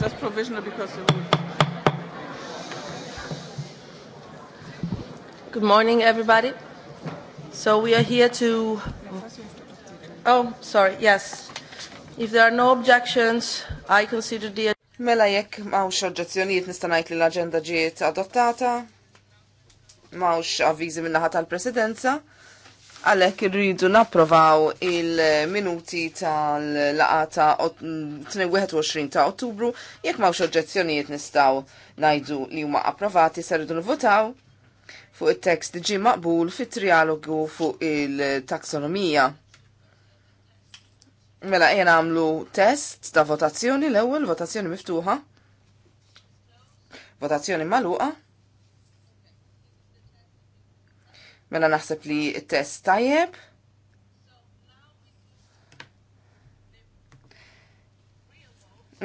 Just provisional because it would. Good morning, everybody. So we are here to. Oh, sorry, yes. If there are no objections, I consider the. Mela jekk mawx oġġezzjonijiet nistanajt li l agenda ġiet adottata, mawx avvizi minnaħat naħa tal-Presidenza, għalek irridu napprovaw il-minuti tal-laqata 21 ta' ottubru, jekk mawx oġġezzjonijiet nistaw najdu li huma approvati saridu nvotaw fuq il-tekst ġi maqbul fit trialogu fuq il-taksonomija. Mela jena għamlu test ta' votazzjoni l-ewwel votazzjoni miftuħa, votazzjoni maluqa. Mela naħseb li il-test tajjeb.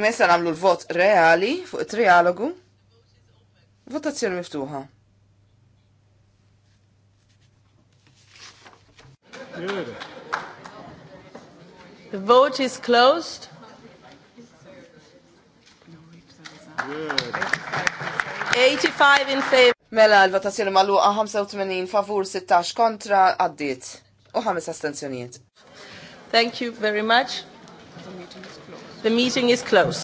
Mesa namlu l-vot reali fuq il-trialogu. Votazzjoni miftuħa. The vote is closed. Good. 85 in favor. Mela l-votazzjoni maluqa 85 favur 16 kontra għaddiet u ħames astenzjonijiet. Thank you very much. The meeting is closed.